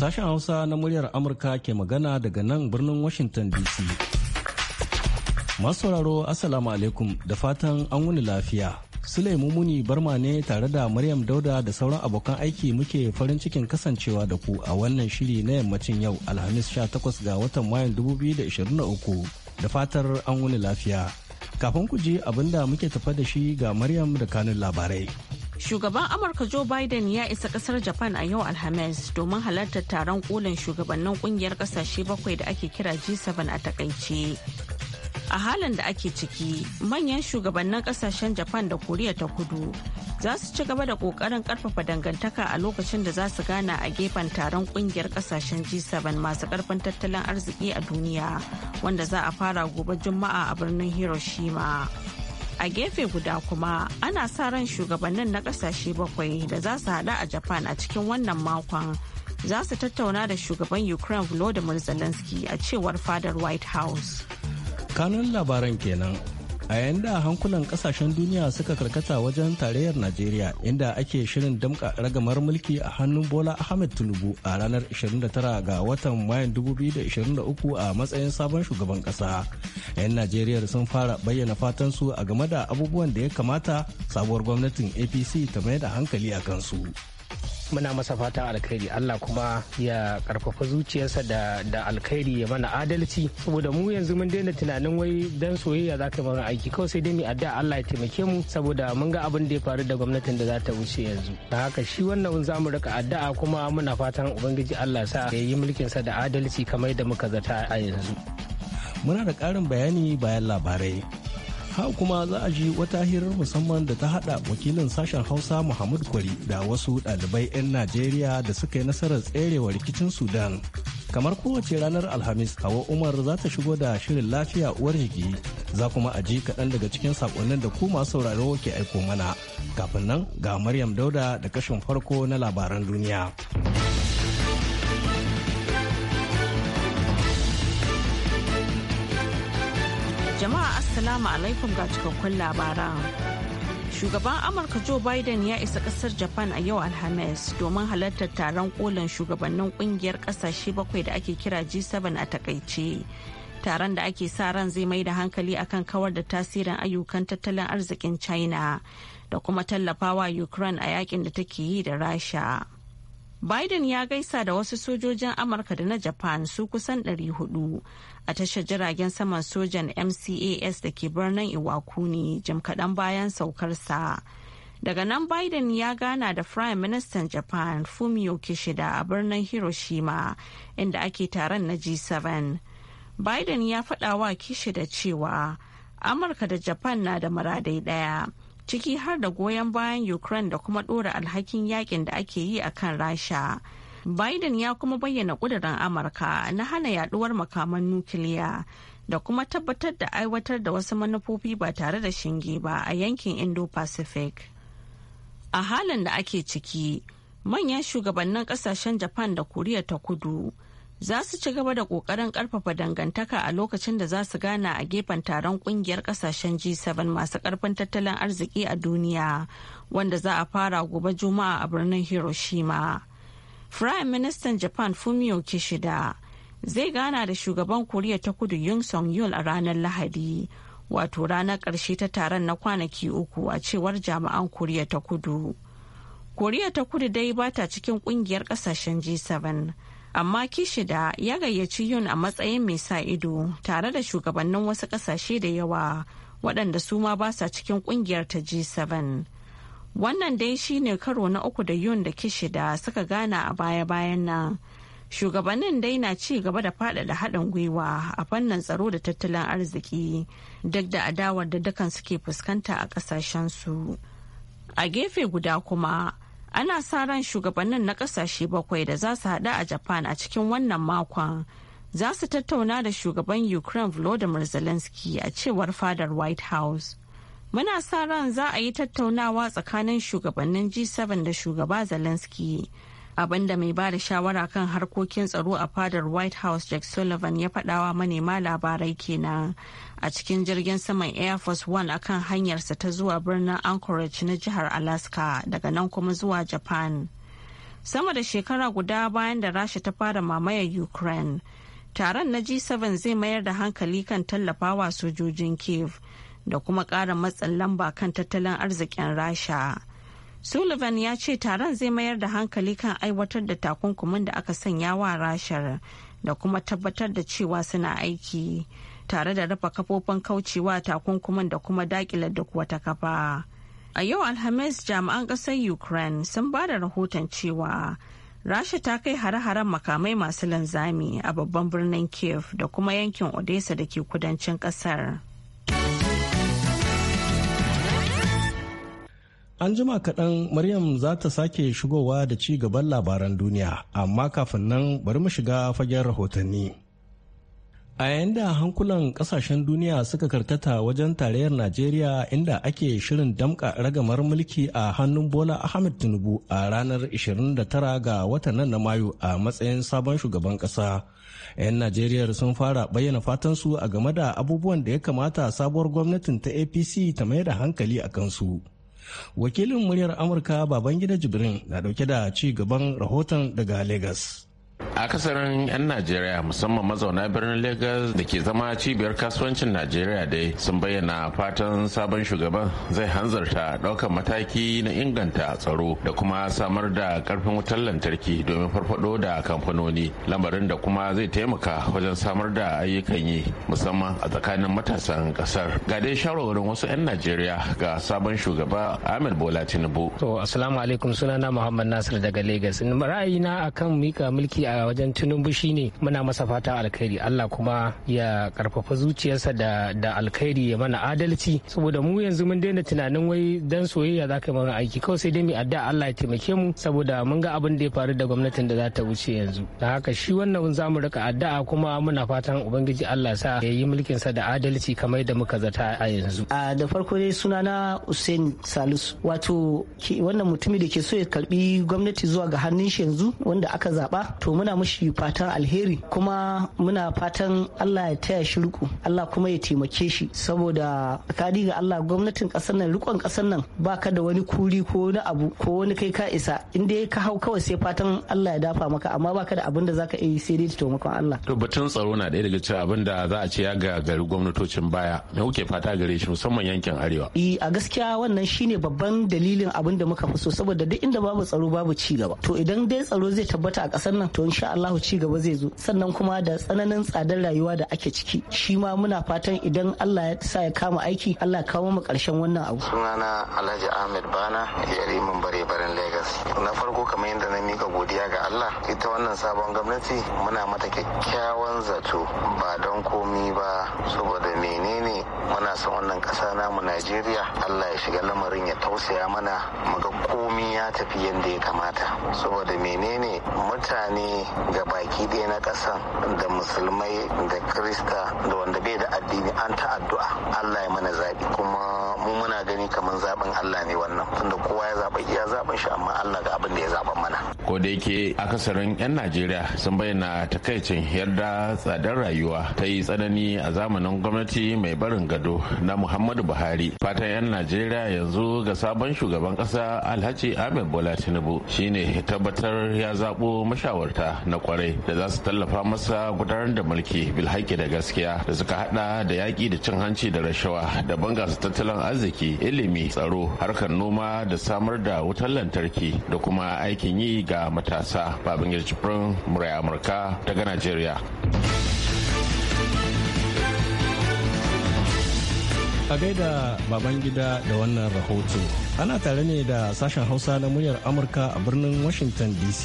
Sashen Hausa na muryar Amurka ke magana daga nan birnin Washington DC. Masu sauraro Assalamu alaikum da fatan an wuni lafiya. Sulaimu Muni Barma ne tare da Maryam Dauda da sauran abokan aiki muke farin cikin kasancewa da ku a wannan shiri na yammacin yau Alhamis 18 ga watan Mayun 2023 da fatar an wuni lafiya. Kafin ku ji abin da muke tafa da shi ga Maryam da kanun labarai. Shugaban Amurka Joe Biden ya isa kasar Japan a yau Alhamis domin halartar taron kolin shugabannin kungiyar kasashe bakwai da ake kira G7 a takaice. A halin da ake ciki, manyan shugabannin kasashen Japan da Koriya ta kudu za su ci gaba da kokarin karfafa dangantaka a lokacin da za su gana a gefen taron kungiyar kasashen G7 masu karfin tattalin arziki a duniya wanda za a fara gobe Juma'a a birnin Hiroshima. a gefe guda kuma ana sa ran shugabannin na kasashe bakwai da za su hada a japan a cikin wannan makon za su tattauna da shugaban ukraine volodymyr zelensky a cewar fadar white house kanun labaran kenan a yayin da hankulan kasashen duniya suka karkata wajen tarayyar najeriya inda ake shirin damka ragamar mulki a hannun bola ahmed tinubu a ranar 29 ga watan mayan 2023 a matsayin sabon shugaban kasa yan najeriya sun fara bayyana fatan su a game da abubuwan da ya kamata sabuwar gwamnatin apc ta mai da hankali a kansu muna masa fatan alkhairi Allah kuma ya karfafa zuciyarsa da da alkhairi ya mana adalci saboda mu yanzu mun daina tunanin wai dan soyayya za ka mana aiki kawai sai dai mu addu'a Allah ya taimake mu saboda mun ga abin da ya faru da gwamnatin da za ta wuce yanzu da haka shi wannan za mu rika addu'a kuma muna fatan ubangiji Allah sa ya yi mulkin sa da adalci kamar da muka zata a yanzu muna da karin bayani bayan labarai ha kuma za a ji wata hirar musamman da ta haɗa wakilin sashen hausa muhammad kwari da wasu ɗalibai 'yan najeriya da suka yi nasarar tserewa rikicin sudan kamar kowace ranar alhamis hawa umar za ta shigo da shirin lafiya uwar jiki za kuma a ji kaɗan daga cikin saƙonnin da ku masu sauraro ke aiko mana kafin nan ga maryam dauda da kashin farko na labaran duniya. Jama'a Assalamu alaikum ga cikakkun labaran. Shugaban Amurka Joe Biden ya isa kasar Japan a yau Alhamis domin halartar taron kolin shugabannin kungiyar kasashe bakwai da ake kira G7 a takaice. Taron da ake sa ran zai mai da hankali akan kawar da tasirin ayyukan tattalin arzikin China da kuma tallafawa Ukraine a yakin da take yi da Rasha. Biden ya gaisa da wasu sojojin Amurka da na Japan su kusan 400 a tashar jiragen saman sojan MCAS da ke birnin Iwakuni jim kaɗan bayan saukarsa. Daga nan Biden ya gana da Prime Minister Japan Fumio Kishida a birnin Hiroshima inda ake taron na G7. Biden ya faɗa wa Kishida cewa Amurka da Japan na da muradai ɗaya. ciki har da goyon bayan Ukraine da kuma ɗora alhakin yakin da ake yi a kan Rasha. Biden ya kuma bayyana ƙudurin Amurka na hana yaduwar makaman nukiliya da kuma tabbatar da aiwatar da wasu manufofi ba tare da shinge ba a yankin Indo-Pacific. A halin da ake ciki, manyan shugabannin kasashen Japan da Koriya ta kudu. za su ci gaba da kokarin karfafa dangantaka a lokacin da za su gana a gefen taron kungiyar kasashen G7 masu karfin tattalin arziki a duniya wanda za a fara gobe Juma'a a birnin Hiroshima. Prime Minister Japan Fumio Kishida zai gana da shugaban Koriya ta Kudu Yun Song Yul a ranar Lahadi, wato ranar karshe ta taron na kwanaki uku a cewar jami'an Koriya ta Kudu. Koriya ta Kudu dai bata cikin kungiyar kasashen G7. amma kishida ya gayyaci yun a matsayin mai sa ido tare da shugabannin wasu kasashe da yawa waɗanda su ma ba sa cikin kungiyar ta g7 wannan dai shi ne karo na uku da yun da kishida suka gana a baya-bayan nan shugabannin dai na ci gaba da faɗaɗa haɗin gwiwa a fannin tsaro da tattalin arziki duk da adawar da dukan suke fuskanta a ƙasashensu a gefe guda kuma ana sa ran shugabannin na kasashe bakwai da za su hada a japan a cikin wannan makon za su tattauna da shugaban ukraine volodymyr zelensky a cewar fadar white house muna sa ran za a yi tattaunawa tsakanin shugabannin g7 da shugaba zelensky da mai ba da shawara kan harkokin tsaro a fadar white house jack sullivan ya faɗawa manema labarai kenan a cikin jirgin saman air force one kan hanyarsa ta zuwa birnin anchorage na jihar alaska daga nan kuma zuwa japan sama da shekara guda bayan da rasha ta fara mamayar ukraine taron na g7 zai mayar da hankali kan tallafawa sojojin kiev da kuma ƙara matsin lamba kan tattalin arzikin rasha sullivan ya ce taron zai mayar da hankali kan aiwatar da takunkumin da aka sanya wa rashar da kuma tabbatar da cewa suna aiki tare da rufe kafofin kaucewa takunkumin da kuma dakile duk wata kafa a yau alhamis jami'an ƙasar ukraine sun ba da rahoton cewa rasha ta kai hare-haren makamai masu linzami a babban birnin kiev da kuma yankin odessa da ke kudancin ƙasar. An jima kaɗan Maryam za ta sake shigowa da ci gaban labaran duniya, amma kafin nan bari mu shiga fagen rahotanni. A yayin da hankulan ƙasashen duniya suka karkata wajen tarayyar Najeriya inda ake shirin damƙa ragamar mulki a hannun Bola Ahmed Tinubu a ranar 29 ga watan nan na Mayu a matsayin sabon shugaban ƙasa. 'Yan Najeriya sun fara bayyana fatan su a game da abubuwan da ya kamata sabuwar gwamnatin ta APC ta mai da hankali a kansu. wakilin muryar amurka babangida jibrin na dauke da ci gaban rahoton daga legas. A kasarin 'yan najeriya musamman mazauna birnin lagos da ke zama cibiyar kasuwancin najeriya dai sun bayyana fatan sabon shugaban zai hanzarta daukan mataki na inganta tsaro da kuma samar da karfin wutar lantarki domin farfado da kamfanoni lamarin da kuma zai taimaka wajen samar da ayyukan yi musamman a tsakanin matasan kasar ga dai shawarwarin wasu 'yan najeriya ga sabon shugaba ahmed bola tinubu to assalamu alaikum sunana muhammad nasir daga lagos ra'ayina akan mika mulki a wajen tinubu ne muna masa fata alkhairi allah kuma ya karfafa zuciyarsa da da alkhairi ya mana adalci saboda mu yanzu mun daina tunanin wai dan soyayya za ka mana aiki kawai sai dai mu addu'a allah ya taimake mu saboda mun ga abin da ya faru da gwamnatin da za ta wuce yanzu da haka shi wannan za mu rika addu'a kuma muna fatan ubangiji allah sa ya yi mulkin sa da adalci kamar da muka zata a yanzu a da farko dai sunana hussein salisu wato wannan mutumi da ke so ya karbi gwamnati zuwa ga hannun shi yanzu wanda aka zaba to muna mushi fatan alheri kuma muna fatan Allah ya taya shi riko Allah kuma ya taimake shi saboda kadi ga Allah gwamnatin kasar nan rikon kasar nan baka da wani kuri ko wani abu ko wani kai ka isa in dai ka hau kawai sai fatan Allah ya dafa maka amma baka da abin da zaka yi sai dai taimakon Allah to batun tsaro na daya daga cikin abin da za a ce ya gari gwamnatocin baya me kuke fata gare shi musamman yankin arewa eh a gaskiya wannan shine babban dalilin abin da muka fi so saboda duk inda babu tsaro babu ci gaba to idan dai tsaro zai tabbata a kasar nan to insha Allah ci gaba zai zo sannan kuma da tsananin tsadar rayuwa da ake ciki shi ma muna fatan idan Allah ya sa ya kama aiki Allah kawo mu karshen wannan abu sunana Alhaji Ahmed Bana yarimin bare baren Lagos na farko kamar yadda na mika godiya ga Allah ita wannan sabon gwamnati muna mata kyakkyawan zato ba don komi ba saboda menene muna son wannan kasa namu Najeriya Allah ya shiga lamarin ya tausaya mana muga komi ya tafi yadda ya kamata saboda menene mutane ga baki ɗaya na ƙasan da musulmai da krista da wanda bai da addini an ta addu'a allah ya mana zaɓi kuma mu muna gani kamar zaɓin allah ne wannan tunda kowa ya zaɓa iya zaɓin shi amma allah ga abin da ya zaɓa mana ko da yake akasarin 'yan najeriya sun bayyana takaicin yarda tsadar rayuwa ta yi tsanani a zamanin gwamnati mai barin gado na muhammadu buhari fatan 'yan najeriya yanzu ga sabon shugaban ƙasa alhaji ahmed bola tinubu shine tabbatar ya zaɓo mashawarta ta na kwarai da za su tallafa masa gudanar da mulki bilhaki da gaskiya da suka hada da yaki da cin hanci da rashawa da bunƙasa tattalin arziki ilimi tsaro harkar noma da samar da wutar lantarki da kuma aikin yi ga matasa babin jibrin murai amurka daga najeriya a gaida baban gida da wannan rahoto ana tare ne da sashen hausa na muryar amurka a birnin washington dc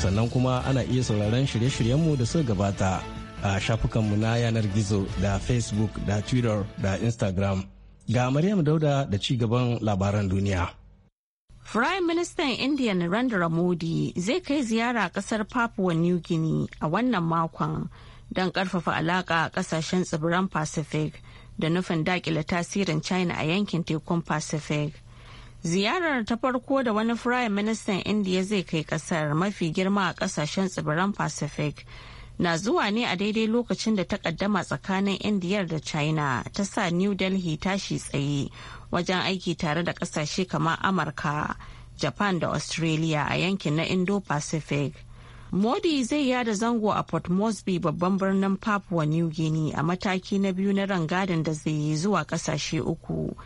sannan kuma ana iya sauraron shirye-shiryenmu da suka gabata a shafukanmu na yanar gizo da facebook da twitter da instagram ga maryam dauda da ci gaban labaran duniya Firayim Ministan indian Narendra Modi zai kai ziyara kasar Papua New Guinea a wannan makon don karfafa alaka a kasashen tsibiran Pacific da nufin dakila tasirin China a yankin tekun Pacific. ziyarar ta farko da wani firayim ministan indiya zai kai kasar mafi girma a kasashen tsibiran pacific na zuwa ne a daidai lokacin da ta takaddama tsakanin indiyar da china ta sa new delhi tashi tsaye wajen aiki tare da kasashe kamar amurka japan da australia a yankin na indo-pacific modi zai yada zango a port moresby babban birnin papua new guinea a mataki na biyu na rangadin da zai yi zuwa kasashe uku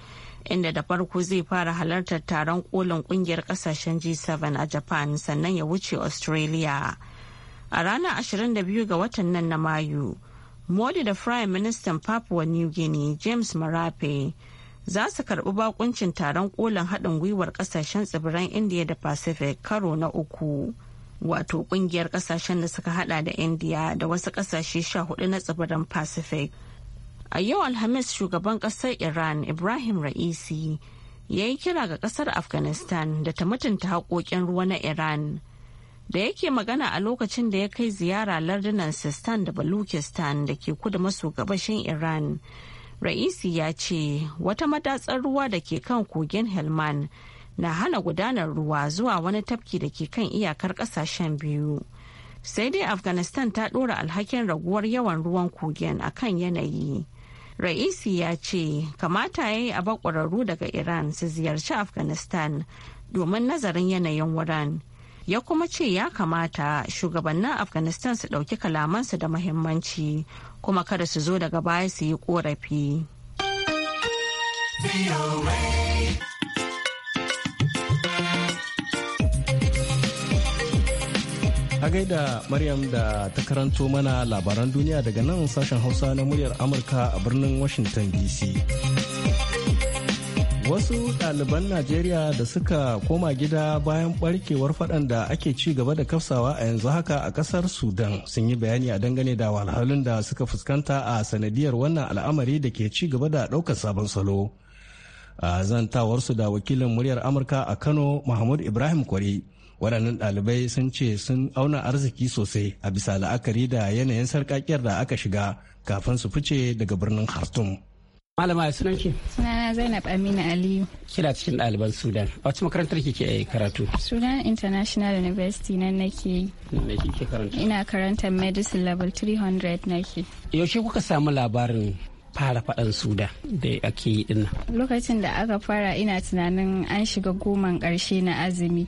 inda da farko zai fara halartar taron kolin kungiyar kasashen G7 a Japan sannan ya wuce Australia. A ranar 22 ga watan nan na Mayu, Modi da Prime Minister Papua New Guinea James Marape za su karbi bakuncin taron kolin haɗin gwiwar kasashen tsibiran India da Pacific karo na uku. Wato kungiyar kasashen da suka hada da India da wasu kasashe sha hudu na tsibiran Pacific. a yau alhamis shugaban kasar iran ibrahim ra'isi ya yi kira ga kasar afghanistan da ta mutunta haƙoƙin ruwa na iran da yake magana a lokacin da ya kai ziyara lardunan sistan da balukistan da ke kudu maso gabashin iran ra'isi ya ce wata matatsar ruwa da ke kan kogin helman na hana gudanar ruwa zuwa wani tafki da ke kan iyakar kasashen biyu sai dai afghanistan ta ɗora alhakin raguwar yawan ruwan kogin a kan yanayi Ra'isi ya ce kamata ya yi a bakwararru daga Iran su ziyarci Afghanistan domin nazarin yanayin wuran. Ya kuma ce ya kamata shugabannin Afghanistan su ɗauki kalamansu da muhimmanci kuma kada su zo daga baya su yi ƙorafi. ka gaida Maryam da ta karanto mana labaran duniya daga nan sashen Hausa na muryar Amurka a birnin Washington DC. Wasu ɗaliban Najeriya da suka koma gida bayan barkewar faɗan da ake ci gaba da kafsawa a yanzu haka a ƙasar Sudan sun yi bayani a dangane da walhalun da suka fuskanta a sanadiyar wannan al'amari da ke ci gaba da ɗaukar sabon salo. A zantawarsu da wakilin muryar Amurka a Kano, Mahmud Ibrahim Kwari. waɗannan ɗalibai sun ce sun auna arziki sosai a bisa la'akari da yanayin sarƙaƙiyar da aka shiga kafin su fice daga birnin tum. malama sunan ki sunana zainab amina aliyu kira cikin ɗaliban sudan a wacce makarantar kike eh, karatu sudan international university nan nake ina karanta medicine level 300 nake yaushe kuka samu labarin fara faɗan sudan da ake yi dinnan lokacin da aka fara ina tunanin an shiga goman ƙarshe na azumi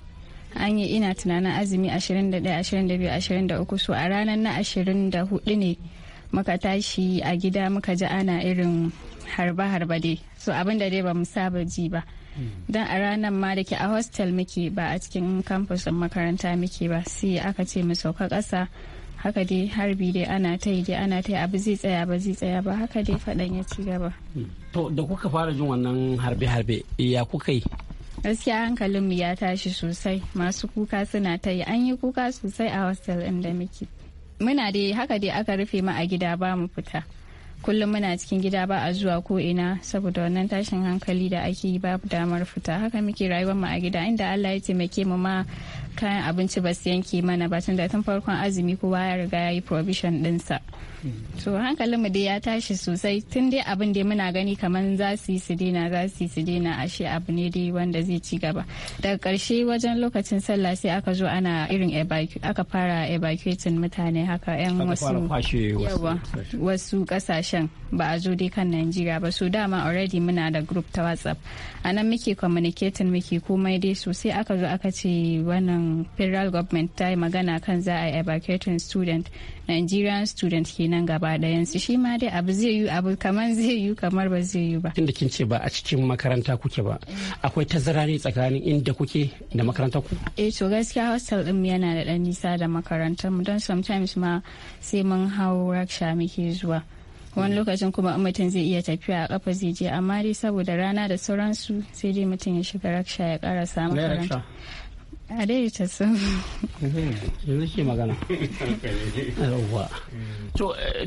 an yi ina tunanin azumi 21 22 23 so a ranar na 24 ne muka tashi a gida muka ji ana irin harba-harba dai so abin da dai ba mu saba ji ba hmm. don a ranar ma da ke a hostel muke ba a cikin campus din makaranta muke ba sai aka ce mu sauka kasa haka dai harbi dai ana ta yi dai ana ta yi abu zai tsaya ba zai tsaya ba haka dai faɗan ya ci gaba hmm. to da kuka fara jin wannan harbe-harbe ya kuka yi gaskiya hankalinmu ya tashi sosai masu kuka suna ta yi an yi kuka sosai a hostel ɗin da muke muna dai haka dai aka rufe mu a gida ba mu fita kullum muna cikin gida ba a zuwa ko ina saboda wannan tashin hankali da ake yi babu damar fita haka muke rayuwar mu a gida inda Allah ya taimake mu ma kayan abinci ba su yanke mana ba tunda tun farkon azumi kowa ya riga ya yi provision dinsa to hankalin mu dai ya tashi sosai tun dai abin da muna gani kamar za su yi su daina za su yi su daina ashe abu ne dai wanda zai ci gaba daga karshe wajen lokacin sallah sai aka zo ana irin aka fara evacuating mutane haka yan wasu wasu kasashen ba a zo dai kan Najeriya ba so dama already muna da group ta WhatsApp anan muke communicating muke komai dai sosai aka zo aka ce wannan federal government ta yi magana kan za a yi evacuating student nigerian student kenan gaba su shi ma dai abu zai yi abu kamar zai yi kamar ba zai yi ba tunda kin ce ba a cikin makaranta kuke ba akwai tazara ne tsakanin inda kuke da makaranta ku eh to gaskiya hostel din yana da dan nisa da makarantar mu don sometimes ma sai mun hau raksha muke zuwa wani mm. lokacin kuma mutum zai iya tafiya a kafa zai je amma dai saboda rana da sauransu sai dai mutum ya shiga raksha ya karasa makaranta a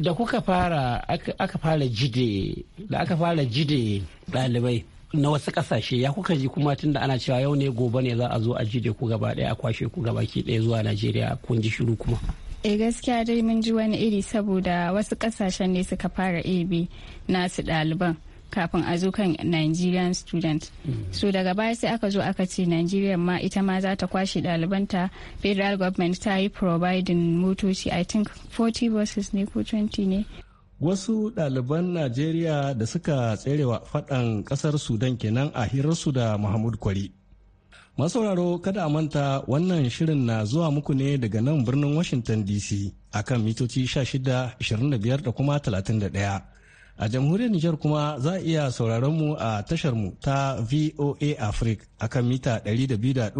da kuka fara aka fara jide da ɗalibai na wasu ƙasashe ya kuka ji kuma tun da ana cewa yau ne gobe ne za a zo a jide ku gaba ɗaya a kwashe ku gaba ki ɗaya zuwa najeriya kun ji shiru kuma e gaskiya dai mun ji wani iri saboda wasu ƙasashen ne suka fara ab nasu ɗaliban kafin a zo kan nigerian student mm. so daga baya sai aka zo aka ce nigeria ma ita ma za ta kwashe ɗalibanta federal government ta yi providing motoci i think 40 buses ne ko 20 ne wasu ɗaliban nigeria da suka tserewa faɗan ƙasar sudan kenan a hirarsu da muhammad kwari masauraro kada a manta wannan shirin na zuwa muku ne daga nan birnin washington dc akan mitoci 16 25 da kuma 31 A jamhuriyar Nijar kuma za a iya sauraron mu a tashar mu ta VOA Africa akan mita 200.5.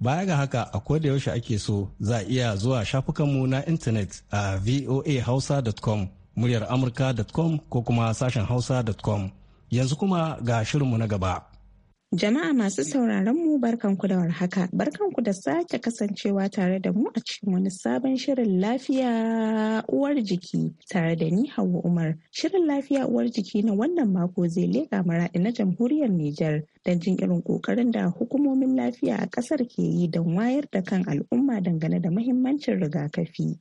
Baya ga haka a da yaushe ake so za a iya zuwa shafukanmu na intanet a voahausa.com, muryar amurka.com ko kuma sashen hausa.com. Yanzu kuma ga shirinmu na gaba. Jama'a masu sauraron mu barkanku da warhaka, barkanku da sake kasancewa tare da mu a cikin wani sabon shirin lafiya uwar jiki tare da ni Hauwa Umar. Shirin lafiya uwar jiki na wannan mako zai leƙa maraɗi na jamhuriyar Nijar don jin irin ƙoƙarin da hukumomin lafiya a ƙasar ke yi don wayar da kan al'umma dangane da mahimmancin rigakafi.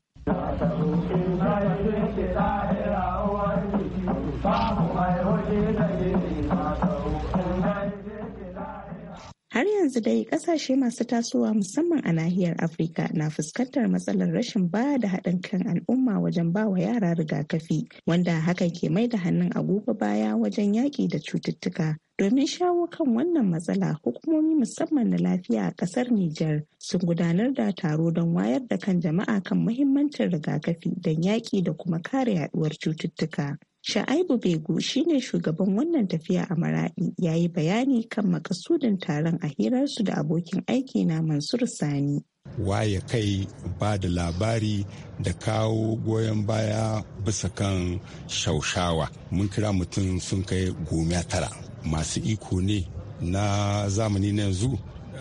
Har yanzu dai kasashe masu tasowa musamman a nahiyar Afirka na fuskantar matsalar rashin ba da haɗin kan al'umma wajen ba wa yara rigakafi wanda haka ke mai da hannun agogo baya wajen yaƙi da cututtuka. Domin shawo kan wannan matsala hukumomi musamman na lafiya a ƙasar Nijar sun gudanar da taro don wayar da kan jama'a kan muhimmancin rigakafi don yaƙi da kuma kare yaɗuwar cututtuka. Sha'aibu Begu shine shugaban wannan tafiya a Maradi ya yi bayani kan makasudin taron a hirarsu da abokin aiki na Mansur Sani. Waye kai ba da labari da kawo goyon baya bisa kan shaushawa. Mun kira mutum sun kai goma tara. Masu iko ne na zamani na yanzu,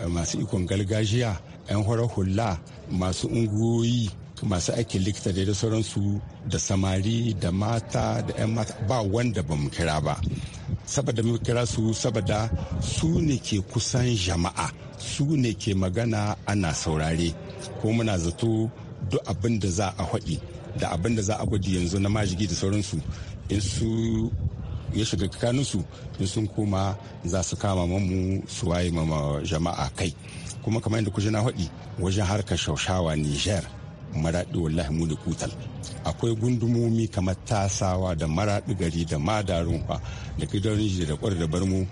masu ikon galgajiya? 'yan hula, masu unguwoyi masu aikin likita da sauransu da samari da mata da 'yan mata ba wanda ba mu kira ba saboda mu kira su saboda su ne ke kusan jama'a su ne ke magana ana saurare ko muna zato duk abin da za a haɗi da abin da za a gwaji yanzu na majigi da sauransu in su ya shiga kakaninsu in sun koma za su kama mamu su waye mama jama'a kai kuma kamar yadda kujina na haɗi wajen harkar shaushawa niger maraɗi wallahi muni kutal akwai gundumomi kamar tasawa da maraɗi gari da madarun fa da kidan da kwar da barmu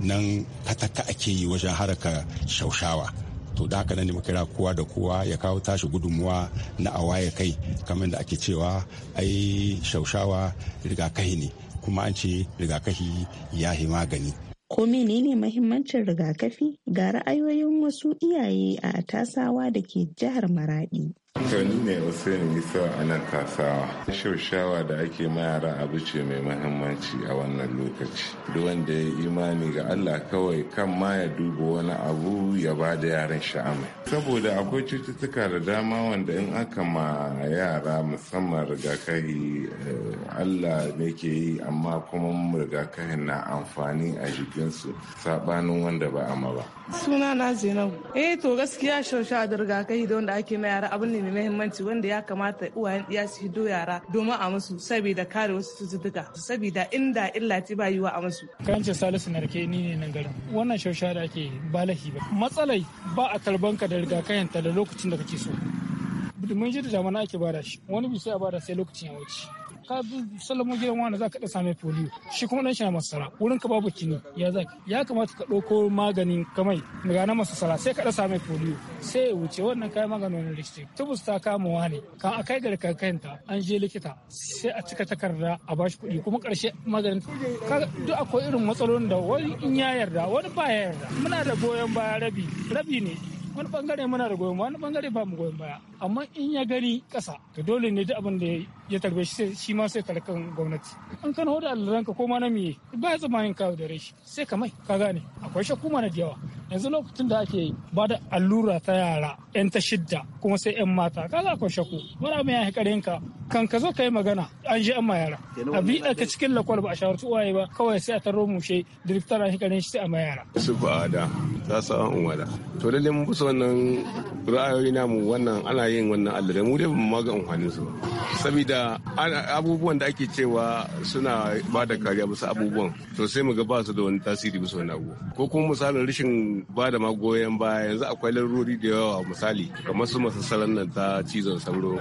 nan kataka ake yi wajen haraka shaushawa to da haka nan ne kira kowa da kowa ya kawo tashi gudunmuwa na awaye kai kamar da ake cewa ai shaushawa rigakafi ne kuma an ce rigakafi ya yi magani ko menene mahimmancin rigakafi ga ra'ayoyin wasu iyaye a tasawa da ke jihar maradi To ni ne Usaini nisa a nan kasawa. Shaushawa da ake mayara abu ce mai mahimmanci a wannan lokaci. wanda ya yi imani ga Allah kawai kan ma ya duba wani abu ya ba da yaran sha'amai. Saboda akwai cututtuka da dama wanda in aka ma yara musamman rigakafi eh, Allah ne ke yi amma kuma rigakafin na amfani a jikinsu saɓanin wanda ba ama ba. suna na zinau eh to gaskiya shausha da rigakafi da wanda ake na yara abin ne mai muhimmanci wanda ya kamata uwayen iya su hido yara domin a musu saboda kare wasu cututtuka saboda inda illa ce ba yiwa a musu kanci salisu narke ni ne nan garin wannan shosha da ake balahi ba matsalai ba a tarbanka da rigakafin ta da lokacin da kake so mun ji da jamana ake bada shi wani bisa a bada sai lokacin ya wuce ka sallamo gidan wani za ka ɗasa mai foliyo shi kuma ɗan shi na masara wurin ka babu kini ya za ya kamata ka ɗauko maganin kamai daga na masara sai ka ɗasa mai foliyo sai ya wuce wannan kayan maganin wani likita tubus ta kama wani kan a kai gari kankanta an je likita sai a cika takarda a bashi kuɗi kuma karshe maganin duk akwai irin matsalolin da wani in ya yarda wani ba ya yarda muna da goyon baya rabi rabi ne wani bangare muna da goyon baya wani bangare ba mu goyon baya amma in ya gani ƙasa to dole ne duk abin da ya tarbe shi shi ma sai kalkan gwamnati an kan hoda alluranka ko ma na miye ba ya tsammanin kawo da rashi sai ka mai ka gane akwai shakku mana da yawa yanzu lokacin da ake ba da allura ta yara yan ta shidda kuma sai yan mata kaga ka shakku wani mai ya kare ka kan ka zo ka yi magana an ji an ma yara a bi ka cikin lakwal ba a shawarci uwaye ba kawai sai a taro mushe direktar an hikarin shi sai a ma yara su ba da za su an wada to lalle mun fusa wannan ra'ayoyi namu wannan ana yin wannan allura mu dai mu ga amfanin su saboda abubuwan da ake cewa suna ba da kariya musu abubuwan to sai mu ga ba su da wani tasiri musu wani abu ko kuma misalin rashin ba da magoyan baya yanzu akwai larurori da yawa misali kamar su masassaran nan ta cizon sauro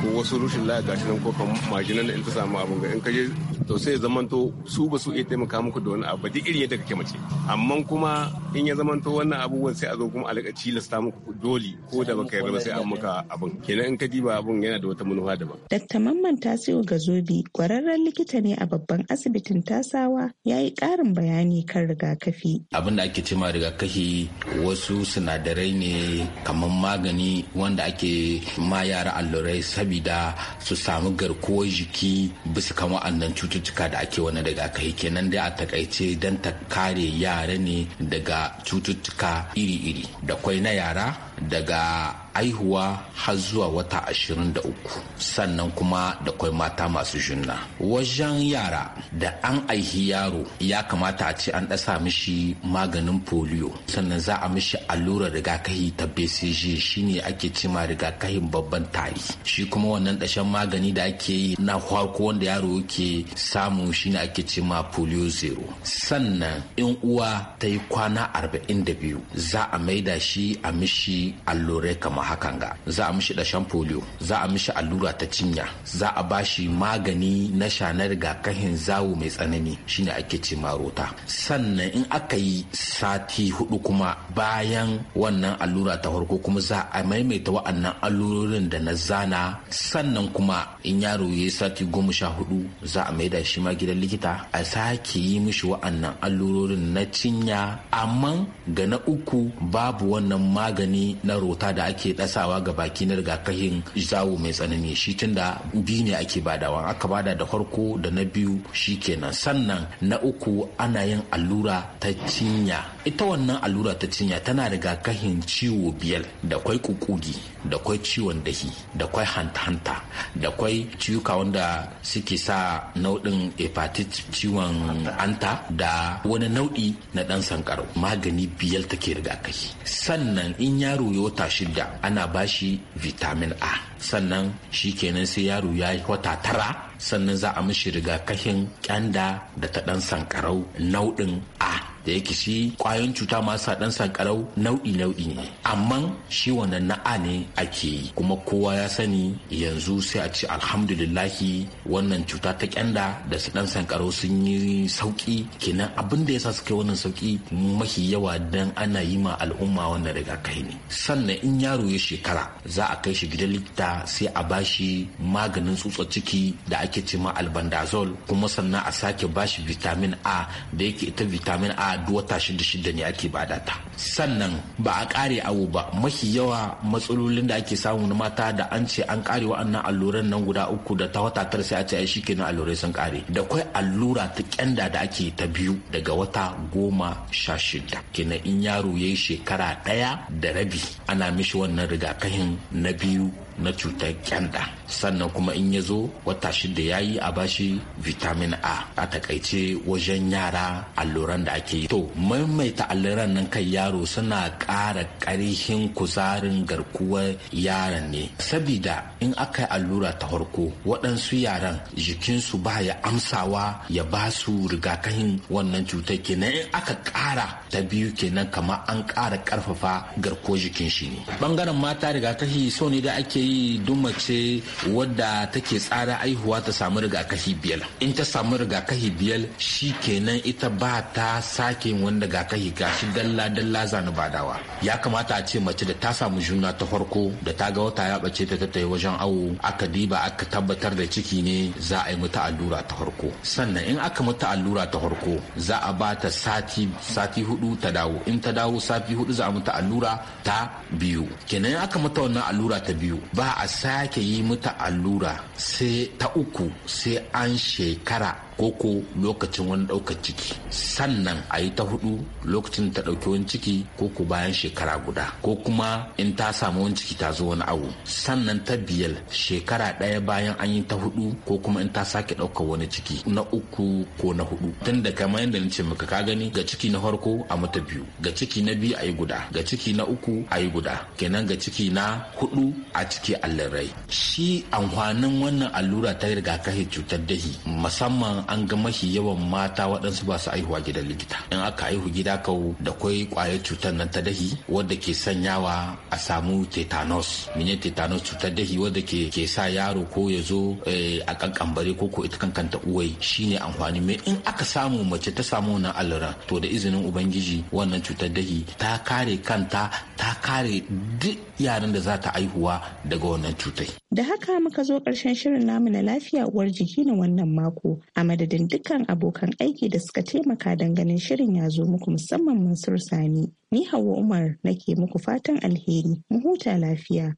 ko wasu rushin la'a gashi nan ko kan majinan da in ta samu abin ga in kaje to sai zamanto su ba su iya taimaka muku da wani abu duk irin yadda kake mace amma kuma in ya zamanto wannan abubuwan sai a zo kuma a lakaci lasta muku doli ko da baka yarda sai an muka abin kenan in ka diba abin yana da wata manufa daban. Dr. Mamman Tasiu Gazobi kwararren likita ne a babban asibitin Tasawa ya yi ƙarin bayani kan rigakafi. Abin da ake cema rigakafi wasu sinadarai ne kamar magani wanda ake ma yara allurai sabida su samu garkuwar jiki bisa kama annan cututtuka da ake wani rigakafi kenan dai a takaice don ta kare yara ne daga cututtuka iri-iri da kwai na yara daga aihuwa har zuwa wata ashirin da uku sannan kuma da kwai mata masu junna wajen yara da an aihi yaro ya kamata a ce an ɗasa mishi maganin polio sannan za a mishi allurar rigakafi ta bcg shine ake cima rigakafin babban tari shi kuma wannan ɗashen magani da ake yi na farko wanda yaro yake samu shine ake cima polio zero sannan in uwa ta yi kwana 42 za a maida shi a mishi allurai kamar hakan ga za a mishi dashen polio za a mishi allura ta cinya za a bashi magani na shanar na rigakafin zawo mai tsanani shine ake ce marota sannan in aka yi sati hudu kuma bayan wannan allura ta farko kuma za a maimaita wa'annan allurorin da na zana sannan kuma in yaro ya sati goma sha hudu za a maida shi ma gidan likita a sake yi mishi wa'annan allurorin na cinya amma ga na uku babu wannan magani na rota da ake dasawa ga baki na rigakafin zawo mai tsanani shi tun da biyu ne ake badawa aka bada da farko da na biyu shi kenan sannan na uku ana yin allura ta cinya ita wannan allura ta cinya tana rigakafin ciwo biyar da kwai kukugi da kwai ciwon dahi da kwai hanta-hanta da kwai ciwuka wanda suke sa nau'in hepatitis ciwon hanta da wani nau'i na dan sankaro magani biyar take rigakafi sannan in yaro ya wata shida ana bashi vitamin a sannan shi kenan sai yaro ya yi wata tara sannan za a mishi rigakafin kyanda da ta ɗan sankarau nau'in a da yake shi kwayoyin cuta masu dan sankarau nau'i nau'i ne amma shi wannan na'a ne ake yi kuma kowa ya sani yanzu sai a ce alhamdulillahi wannan cuta ta kyanda da su dan sankarau sun yi sauki kenan abin da yasa suka yi wannan sauki mafi yawa dan ana yi ma al'umma wannan rigakafi ne sannan in yaro ya shekara za a kai shi gidan likita sai a bashi maganin tsutsar ciki da ake ce ma albendazole kuma sannan a sake bashi vitamin a da yake ita vitamin a duk wata shida shida ne ake bada ta sannan ba a kare awo ba mafi yawa matsalolin da ake samu na mata da an ce an kare wa'annan alluran nan guda uku da ta wata tara sai a ce ai shikenan allurai sun kare da kwai allura ta kyanda da ake ta biyu daga wata goma sha shida kenan in yaro ya yi shekara ɗaya da rabi ana mishi wannan rigakafin na biyu na cutar kyanda sannan kuma in ya zo wata shida ya yi a bashi vitamin a a takaice wajen yara alluran da ake yi to maimaita alluran nan kan yaro suna ƙara ƙarihin kuzarin garkuwar yaran ne sabida in aka yi allura ta farko waɗansu yaran jikinsu ba ya amsawa ya ba su rigakafin wannan cutar kenan in aka ƙara ta biyu kenan kamar an ƙara ƙarfafa garkuwar jikin shi ne bangaren mata rigakafi so ne da ake yi duk mace wadda take tsara aihuwa ta samu rigakafi biyar in ta samu rigakafi biyar shi kenan ita ba ta sake wani rigakafi gashi dalla dalla zanu badawa ya kamata a ce mace da ta samu juna ta farko da ta ga wata ya bace ta ta wajen awo aka diba aka tabbatar da ciki ne za a yi mata allura ta farko sannan in aka mata allura ta farko za a ba ta sati sati hudu ta dawo in ta dawo sati hudu za a mata allura ta biyu kenan aka mata wannan allura ta biyu ba a sake yi mata allura sai ta uku sai an shekara ko lokacin wani daukar ciki sannan a yi ta hudu lokacin ta ɗauki wani ciki ko ku bayan shekara guda ko kuma in ta samu wani ciki ta zo wani abu sannan ta biyar shekara daya bayan an yi ta hudu ko kuma in ta sake ɗauka wani ciki na uku ko na hudu tun da kamar yadda nace maka ka gani ga ciki na farko a mata biyu ga ciki na biyu a yi guda ga ciki na uku a yi guda kenan ga ciki na hudu a ciki allurai shi amfanin wannan allura ta rigakafin cutar dahi musamman an ga mafi yawan mata waɗansu ba su aihuwa gidan likita in aka haihu gida kawo da kwai kwayar cutar nan ta dahi wadda ke sanyawa a samu tetanus mene tetanus cutar dahi wadda ke ke sa yaro ko ya zo eh, a kankanbare ko ko ita kankanta uwai shine amfani mai in aka samu mace ta samu wannan allura to da izinin ubangiji wannan cutar dahi ta kare kanta ta kare duk yaran da za ta aihuwa daga wannan cutar Da haka muka zo ƙarshen shirin namu na lafiya uwar jiki na wannan mako a madadin dukkan abokan aiki da suka taimaka don ganin shirin ya zo muku musamman Mansur Sani. Ni Hauwa Umar nake muku fatan alheri, mu huta lafiya.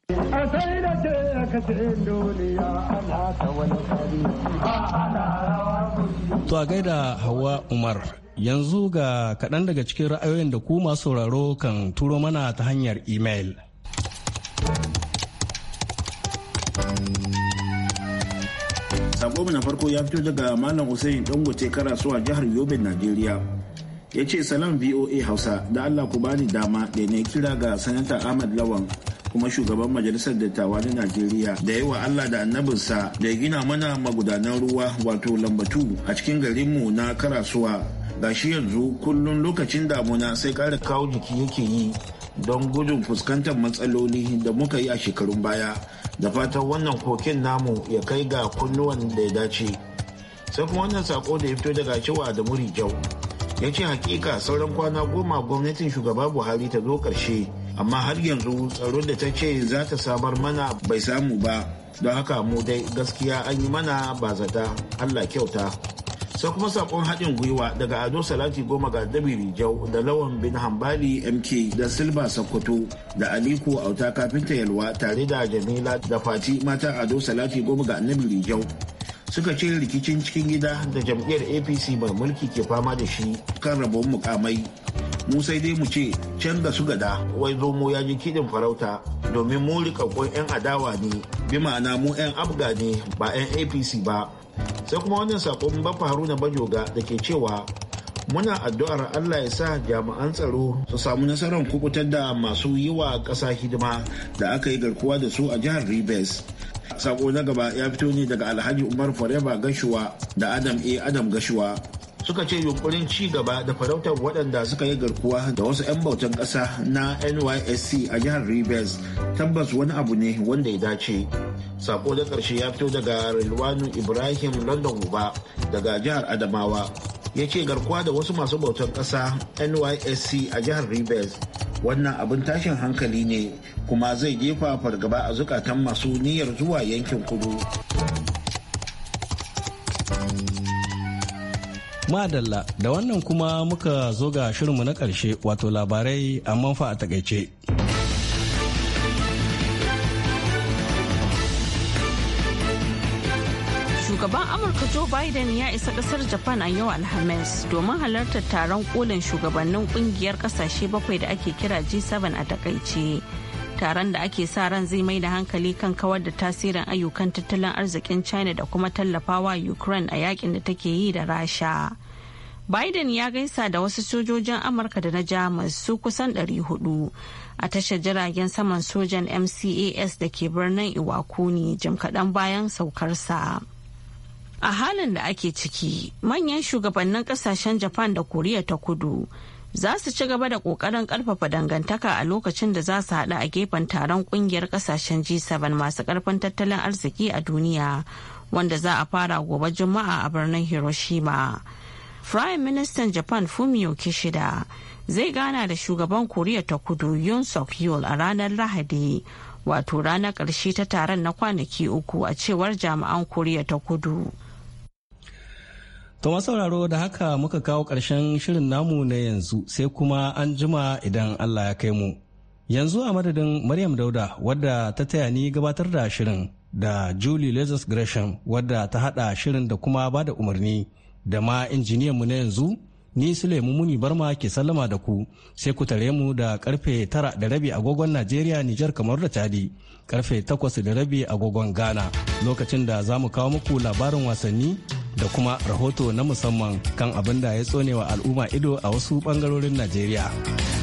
To a gaida Hauwa Umar yanzu ga kaɗan daga cikin ra'ayoyin da ku masu sauraro kan turo mana ta hanyar imel. mu na farko ya fito daga Malam Hussein Dangote Karasuwa jihar Yobe, Najeriya. Ya ce salam VOA Hausa da Allah ku bani dama da ne kira ga Sanata Ahmad Lawan kuma shugaban majalisar dattawa na Najeriya da yawa Allah da annabinsa da ya gina mana magudanan ruwa wato lambatu a cikin garinmu na Karasuwa. ga shi yanzu kullum lokacin damuna sai kare kawo jiki yake yi don gudun fuskantar matsaloli da muka yi a shekarun baya da fatan wannan kokin namu ya kai ga kunnuwan da ya dace sai kuma wannan sako da ya fito daga cewa da muri jau ya ce hakika sauran kwana goma gwamnatin shugaba buhari ta zo karshe amma har yanzu tsaron da ta ce za ta samar mana bai samu ba don haka mu dai gaskiya an yi mana ba zata allah kyauta sai kuma sakon haɗin gwiwa daga ado salati goma ga dabi rijau da lawan bin hambali mk da silba sokoto da aliko auta kafinta yalwa tare da jamila da fati mata ado salati goma ga annabi rijau suka ce rikicin cikin gida da jam'iyyar apc mai mulki ke fama da shi kan rabon mukamai mu sai dai mu ce can da su gada wai zomo ya ji kiɗin farauta domin mu rikakkun 'yan adawa ne bi ma'ana mu 'yan abga ne ba 'yan apc ba sai kuma wannan sakon bafa haruna bajoga da ke cewa muna addu'ar allah ya sa jami'an tsaro su samu nasarar kubutar da masu yi wa ƙasa hidima da aka yi garkuwa da su a jihar ribes sako na gaba ya fito ne daga alhaji umar forever gashuwa da adam a adam gashuwa suka ce yunkurin ci gaba da farautar waɗanda suka yi garkuwa da wasu 'yan bautan ƙasa na nysc a jihar rivers tabbas wani abu ne wanda ya dace sako da ƙarshe ya fito daga rilwanu ibrahim london uba daga jihar adamawa ya ce garkuwa da wasu masu bautar ƙasa nysc a jihar rivers wannan abin tashin hankali ne kuma zai jefa fargaba a zukatan masu niyyar zuwa yankin kudu madalla da wannan kuma muka zo ga shirinmu na ƙarshe wato labarai amma fa a takaice Joe Biden ya isa kasar Japan a yau Alhamis domin halartar taron kolin shugabannin kungiyar kasashe bakwai da ake kira G7 a takaice. Taron da ake sa ran zai mai da hankali kan kawar da tasirin ayyukan tattalin arzikin China da kuma tallafawa Ukraine a yakin da take yi da Rasha. Biden ya gaisa da wasu sojojin Amurka da na Jamus su kusan 400 a tashar jiragen saman sojan MCAS da ke birnin Iwakuni jim kaɗan bayan saukarsa. a halin da ake ciki manyan shugabannin kasashen japan da koriya ta kudu za su ci gaba da kokarin karfafa dangantaka a lokacin da za su haɗu a gefen taron kungiyar kasashen g7 masu karfin tattalin arziki a duniya wanda za a fara gobe juma'a a birnin hiroshima prime minister japan fumio kishida zai gana da shugaban koriya ta kudu yun suk yul a ranar lahadi wato ranar ƙarshe ta taron na kwanaki uku a cewar jami'an koriya ta kudu To sauraro da haka muka kawo ƙarshen shirin namu na yanzu sai kuma an jima idan Allah ya kai mu. Yanzu a madadin Maryam Dauda wadda ta taya ni gabatar da shirin da Julie Lazarus Gresham wadda ta haɗa shirin da kuma ba da umarni da ma injiniyan mu na yanzu ni Suleiman Muni Barma ke sallama da ku sai ku tare mu da karfe tara da rabi agogon Najeriya Nijar kamar da Chadi karfe takwas da rabi agogon Ghana lokacin da za mu kawo muku labarin wasanni da kuma rahoto na musamman kan abin da ya tsonewa al'umma ido a wasu bangarorin Najeriya.